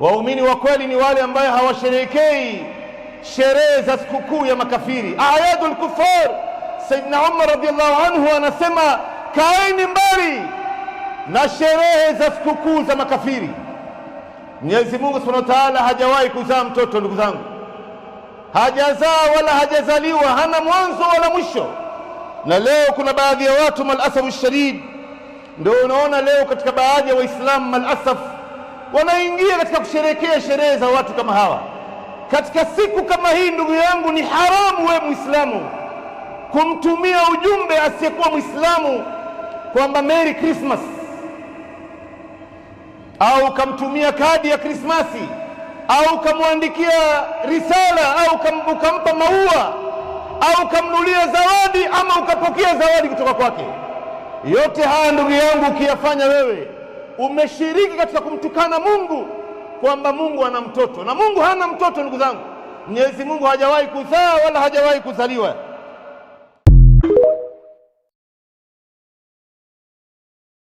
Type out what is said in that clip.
Waumini wa kweli ni wale ambayo hawasherehekei sherehe za sikukuu ya makafiri, ayadul kufar. Saidina Umar radhiallahu anhu anasema kaeni mbali na sherehe za sikukuu za makafiri. Mwenyezi Mungu subhanahu wa taala hajawahi kuzaa mtoto, ndugu zangu, hajazaa wala hajazaliwa, hana mwanzo wala mwisho. Na leo kuna baadhi ya watu, malasafu shadid, ndio unaona leo katika baadhi ya Waislamu malasafu wanaingia katika kusherekea sherehe za watu kama hawa katika siku kama hii. Ndugu yangu, ni haramu we Mwislamu kumtumia ujumbe asiyekuwa Mwislamu kwamba Merry Christmas au ukamtumia kadi ya Krismasi au ukamwandikia risala au ukampa maua au ukamnulia zawadi ama ukapokea zawadi kutoka kwake. Yote haya ndugu yangu, ukiyafanya wewe umeshiriki katika kumtukana Mungu kwamba Mungu ana mtoto, na Mungu hana mtoto. Ndugu zangu, Mwenyezi Mungu hajawahi kuzaa wala hajawahi kuzaliwa.